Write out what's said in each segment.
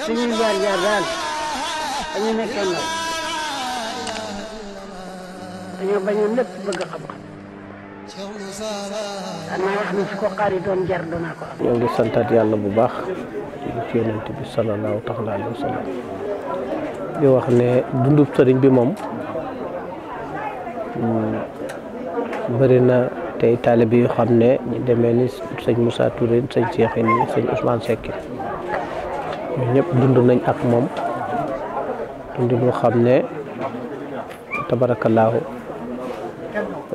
suñuy jaar jaar daal dañu nekkee ndaw dañoo bañoon lépp bëgg xam-xam danaa wax ne su ko xaar yi doon jar danaa ko am. ñoo ngi santaat yàlla bu baax ci yonent bi salallaahu taala alayhi wa sallam di wax ne dundub sëriñ bi moom mm, bëri na tey taalibe yu xam ne ñu demee ni sëñ Moussa Touré sëñ Cheikh ni sëñ Ousmane Seck ñëpp dund nañ ak moom dund lu xam ne tabarakallaahu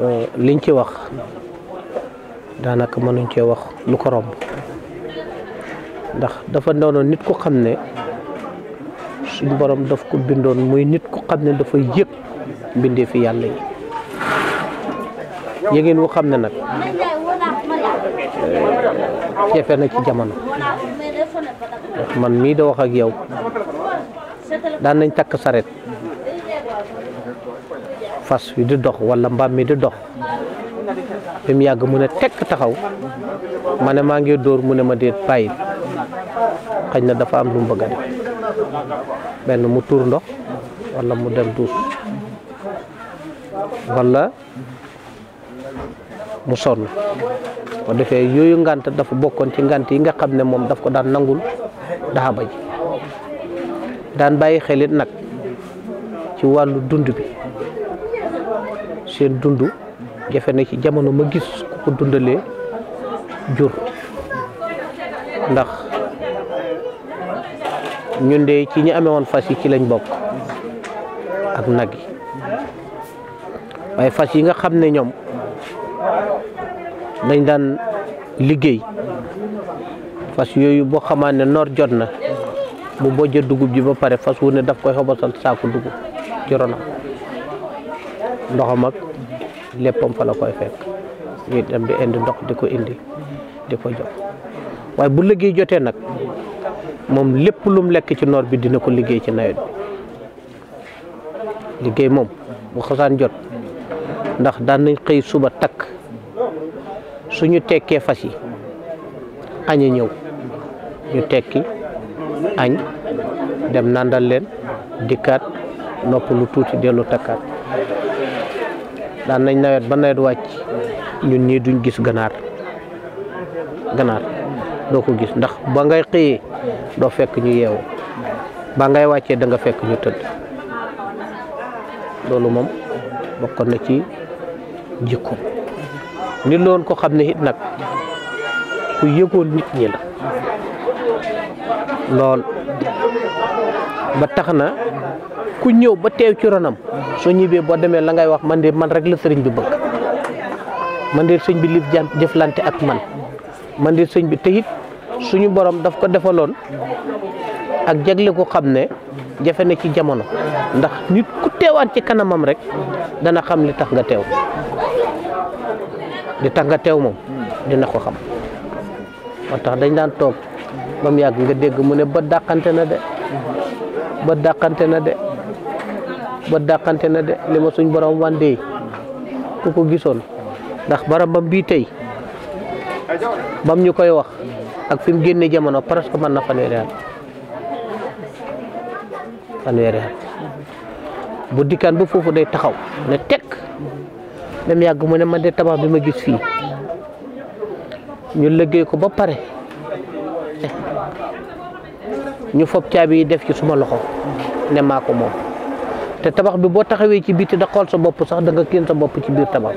euh, liñ ci wax daanaka mënuñ cee wax lu ko romb ndax dafa doonoon nit ku xam ne suñ borom daf ko bindoon muy nit ku xam ne dafa yëg mbindee fi yàlla yi yëgeen wu xam ne nag jafe na ci jamono man mii da wax ak yow daan nañ takk saret fas wi di dox walla mbaam mi di dox bi yàgg mu ne tekk taxaw ma maa ngi dóor mu ne ma déet bàyyi xëy na dafa am lu mu bëgg benn mu tuur ndox wala mu dem duus wala mu son ko defee yoyu ngant dafa bokkon ci ngant yi nga xam mom daf ko daan nangul daaba ji daan bàyyi xelit nak ci walu dund bi seen dundu jafé na ci jamono ma gis ku ko dundalee jur ndax ñun de ci ñi amé won fas yi ci lañ bok ak nag yi way fas yi nga xamné ñom lañ daan liggéey fas yooyu boo xamaa ne noor jot na bu bojja dugub ji ba pare fas wu ne daf koy xobosal saaku dugub ci ronam ndoxam ak léppam fa la koy fekk ñuy dem indi ndox di ko indi di ko jox waaye bu liggéey jotee nag moom lépp lum lekk ci noor bi dina ko liggéey ci nawet bi liggéey moom bu xasaan jot ndax daan nañ xëy suba takk su ñu tekkee fas yi añ ñëw ñu tekki añ dem nandal leen dikkaat nopp lu tuuti dellu takkaat daan nañ nawet ba nawet wàcc ñun nii duñ gis ganaar ganaar doo ko gis ndax ba ngay xëyee doo fekk ñu yeewu ba ngay wàccee danga fekk ñu tëdd loolu moom bokkoon na ci jikko nit loon ko xam ne it nag ku yëgoon nit ñi la lool ba tax na ku ñëw ba teew ci ronam soo ñibbee boo demee la ngay wax man de man rek la sëriñ bi bëgg man de sëñ bi jant jëflante ak man man de sëñ bi te suñu borom daf ko defaloon ak jagle ko xam ne jafe na ci jamono ndax nit ku teewaat ci kanamam rek dana xam li tax nga teew di tax teew moom dina ko xam moo tax dañ daan toog ba mu yàgg nga dégg mu ne ba dàqante na de ba dàqante na de ba dàqante na de li ma suñ borom wàndee ku ko gisoon ndax bara bam bii tey bam ñu koy wax ak fi mu génne jamono presque mën na fanweeri at fanweeri bu dikkaan bu foofu day taxaw ne tekk dem yàgg mu ne man de tabax bi ma gis fii ñu liggéey ko ba pare ñu fob caabi yi def ci suma loxo ne maa ko moom te tabax bi boo taxawee ci biti da xool sa bopp sax danga nga kiin sa bopp ci biir tabax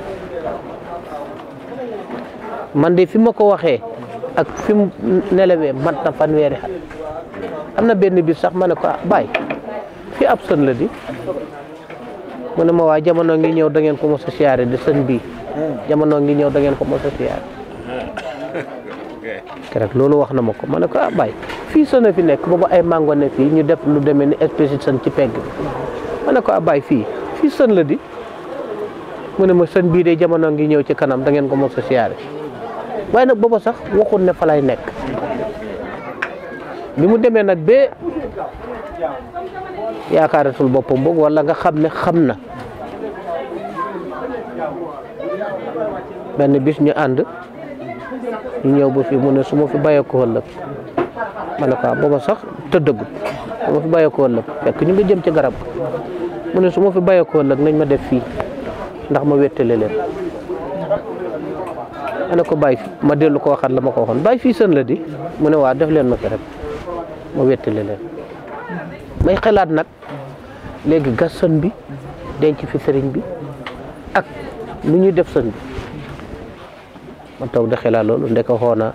man de fi ma ko waxee ak fi mu nelawee mat na fanweeri at am na benn bis sax ma ne ko ah fi ab sën la di mune hmm. hmm. ah, ne ma waa jamono ngi ñew da ngeen ko mos a de sën bi jamono ngi ñew da ngeen ko mos a siyaare lolu wax na mako mané ko ah bay fi sën fi nek bobu ay mango ne fi ñu def lu démé ah, ah, ni espèce sën ci pegg mané ko ah bay fi fi sën la di mune ne ma sën bii de jamono ngi ñew ci kanam da ya ngeen ko mos a way nak bobu sax waxul ne fa lay nekk bi mu demee nag bee yaakaaratul boppam boog wala nga xam ne xam na benn bis ñu ànd ñu ñëw ba fi mu ne suma fi bàyyee ko ëllëg ma ne ko ah, booba sax tëddagul su ma fi bàyyee ko ëllëg fekk ñu ngi jëm ci garab mu ne su ma fi bàyyee ko ëllëg nañ ma def fii ndax ma wéttale leen ma ne bàyyi ma dellu ko waxaat la ma ko waxoon bàyyi fii sën la di mu ne waa def leen ma fi rek ma wéttale leen may xalaat nag léegi gas sën bi denc fi sëriñ bi ak nu ñuy def sën bi ma toog di xelaat loolu ndeka xoona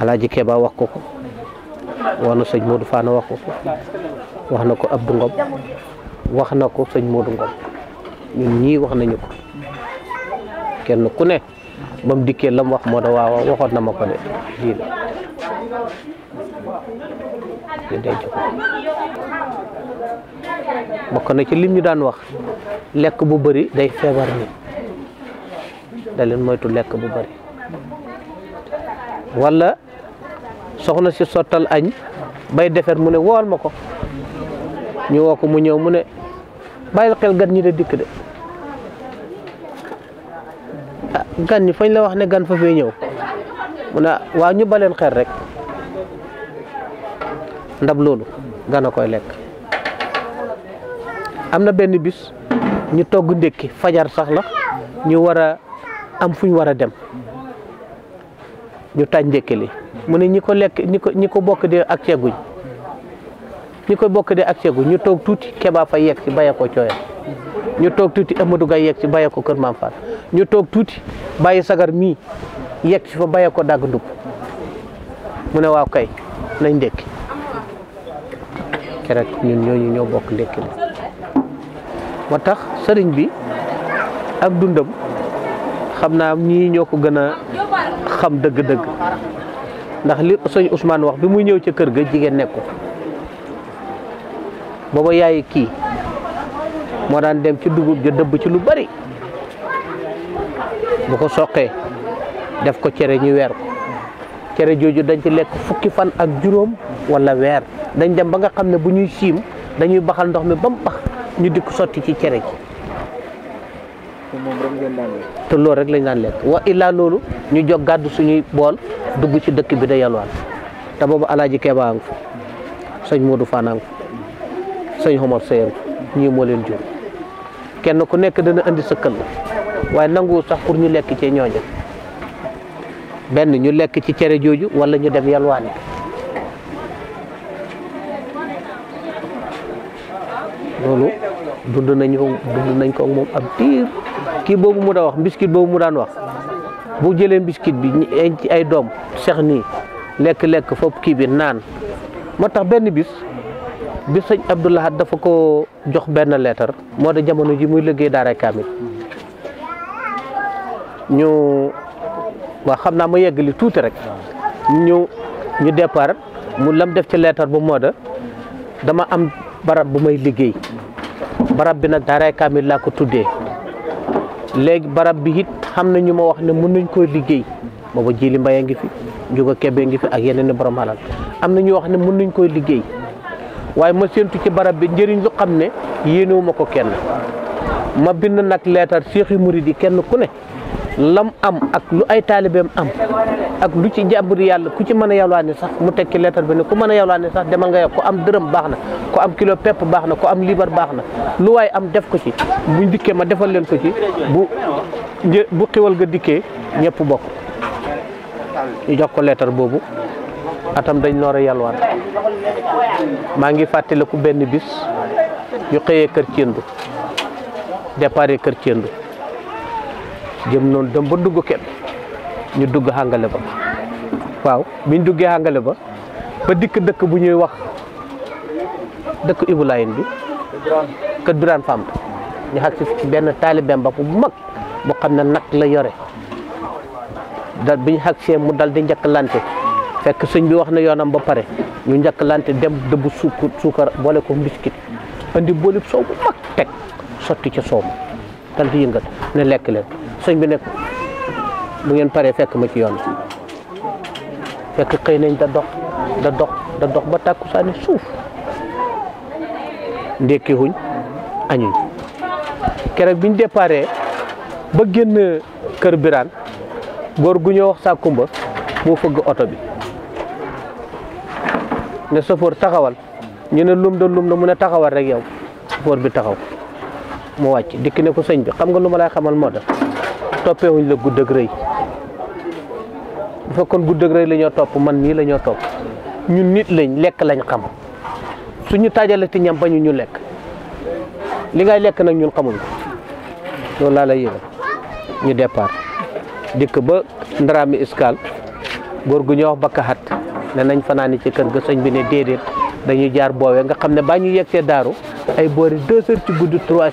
alaaji Keba wax ko ko wax na sëñ Modou Fana wax ko ko wax na ko Abdou Ngom wax na ko sëñ Modou Ngom ñun ñii wax nañu ko kenn ku ne ba mu dikkee la mu wax moo da waaw waxoon na ma ko de lii la ñu bokk na ci lim ñu daan wax lekk bu bëri day feebar nit da moytu lekk bu bëri wala soxna si sottal añ bay defer mu ne wool ma ko ñu woo ko mu ñëw mu ne bàyyil xel gan ñi de dikk de ah gan ñi fañ la wax ne gan fa fee ñëw mu ne ah, waaw ñu baleen xel rek ndab loolu gan koy lekk am na benn bis ñu togg ndékki fajar sax la ñu war a am fuñ ñu war a dem ñu taaj ndékki li mu ne ñi ko lekk ñi ko ñi ko bokk dee ak ceeguñ ñi ko bokk dee ak ceeguñ ñu toog tuuti Keba fa yegg ci bàyyi ko cooya ñu toog tuuti Amadou Gaye ci si bàyyi ko Kër Maam Fall ñu toog tuuti bàyyi sagar mii yegg si fa bàyyi ko dagg ndub mu ne waaw kay nañ ndékki keroog ñun ñu ñëw bokk ndekki la moo tax sëriñ bi ak dundam xam naa ñii ñoo ko gën a xam dëgg-dëgg ndax li sëñ Ousmane wax bi muy ñëw ca kër ga jigéen nekku booba yaayi kii moo daan dem ci dugub ja dëbb ci lu bari bu ko soqee def ko cere ñu weer ko cere joju dañ ci lek fukki fan ak juróom wala wer dañ dem ba nga xamne ne bu ñuy sim dañuy baxal ndox mi bam bax ñu dik soti ci cere ji te loolu rek lañ nan lek wa illa lolu ñu jog gaddu suñuy bol dugg ci dekk bi da yalwaan ta bobu alaaji keba ang señ modou fanang señ homar fa ñi mo leen jur kenn ku nekk dana andi sekkal waye nangu sax pour ñu lek ci ñoñu ben ñu lek ci ciéré joju wala ñu dem yalwaani lolu dund nañu dund nañ ko mom ab tir ki bobu mu da wax biscuit bobu mu daan wax bu jëlé biscuit bi ci ay dom cheikh ni lek lek fop ki bi naan motax ben bis bi seigne abdullah dafa ko jox ben leetar moo da jamono ji muy liggéey kamil ñu waa xam naa ma yegg yeggali tuuti rek ñu ñu mu lam def ci leetar bu mooda dama am barab bu may liggéey barab bi nag daaray kaamil laa ko tuddee léegi barab bi it xam na ñu ma wax ne mën nañ koo liggéey booba jili mbaye ngi fi njuga kebe ngi fi ak yeneen i borom alal am na ñu wax ne mën nañ koy liggéey waaye ma séentu ci barab bi njëriñ lu xam ne yéenewu ma ko kenn ma bind nag leetar seexi murid yi kenn ku ne lam am ak lu ay taalibeem am ak lu ci jàmbur yàlla ku ci mën a yalwaani sax mu tekki lettre bi ne ku mën a yalwaani sax demal nga yokk ku am dërëm baax na ko am kilo pepp baax na ku am libar baax na lu waay am def ko ci bu dikkee ma defal leen ko ci bu bu xiwal nga dikkee ñëpp bokk jox ko leetar boobu atam dañ noor a yalwaan maa ngi fàttaliku benn bis ñu xëyee kër Thiendou départ kër Thiendou jëm noonu dem ba dugg kenn ñu dugg xàngale ba waaw biñ duggee xàngale ba ba dikk dëkk bu ñuy wax dëkk Ibou Layen bi kër Birane Famb ñu xag ci benn taalibeem ba bu mag boo xam ne nag la yore da biñ xag mu dal di njëkk lante fekk sëñ bi wax na yoonam ba pare ñu lante dem dëbbu suukar suukar boole ko mbiskit andi boolib soow bu mag teg sotti ca soow dal di yëngal ne lekk leen sëñ bi nek bu ngeen paré fekk ma ci yoon fekk xey nañ da dox da dox da dox ba takku saani suuf ndékki huñ añu keroog biñ déparé ba génn kër biran gor guñu wax sa kumba moo fëgg auto bi ne sofor taxawal ñu ne lum da lum da mu ne taxawal rek yow sofoor bi taxaw mu wacc dik ne ko sëñ bi xam nga luma lay xamal mo def toppeewuñ la gudd ak rëy bu fekkoon gudd ak rëy lañoo topp man nii lañoo topp ñun nit lañ lekk lañ xam suñu taajalati ñam bañu ñu lekk li ngay lekk nag ñun xamuñu ko loolu laa lay yëgal ñu départ dikk ba Ndarame Escale góor gu ñuy bakka xat ne nañ fanaani ci kër ga bi ne déedéet dañuy jaar boowe nga xam ne baa ñu yegsee daaru ay boori deux ci gudd trois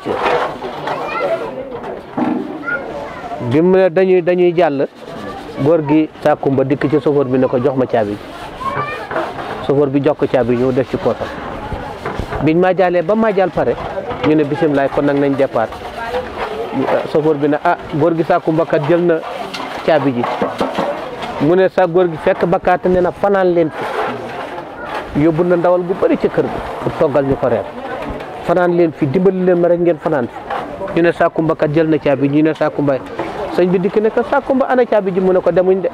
bi mu ne dañuy dañuy jàll góor gi sàkkumba dikk ci sofoor bi ne ko jox ma caabi sofoor bi jox ko caabi ñëw def ci poosam biñ ma jaalee ba ma jaal pare ñu ne bisimilah kon nag nañ départ sofoor bi ne a ah, góor gi sàkkumba kat jël na caabi ji mu ne sa góor gi fekk bakkaate ne na fanaan leen fi yóbbu na ndawal gu bëri ca kër toggal ñu ko reer fanaan leen fi dimbali leen ma rek ngeen fanaan fi ñu ne sàkkumba kat jël na caabi ñu ne sàkkumba sëñ bi dik nek ko sa kumba ana ci abiji mu ne ko demuñ de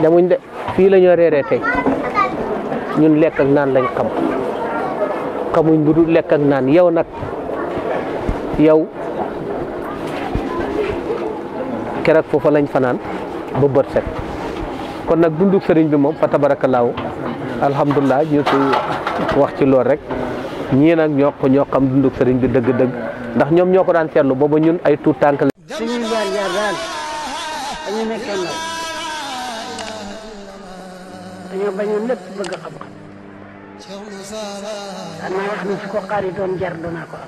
demuñ de fi lañu ñoo tay ñun lek ak naan lañ xam xamuñ bu du lek ak naan yow nak yow keroog fofu lañ fanaan bu bëtt sét kon nak dunduk sëriñ bi mom fa tabarakallaahu alhamdullah ñu ci wax ci lool rek ñi nak ñok ñokam dunduk sëriñ bi dëgg-dëgg ndax ñom ñoko daan sétlu bobu ñun ay tout tank suñuy jaar jaar daal dañu nekkee ndaw dañoo bañoon lépp bëgg xam-xam daan naa wax ne su ko xaaritoon jar danaa ko am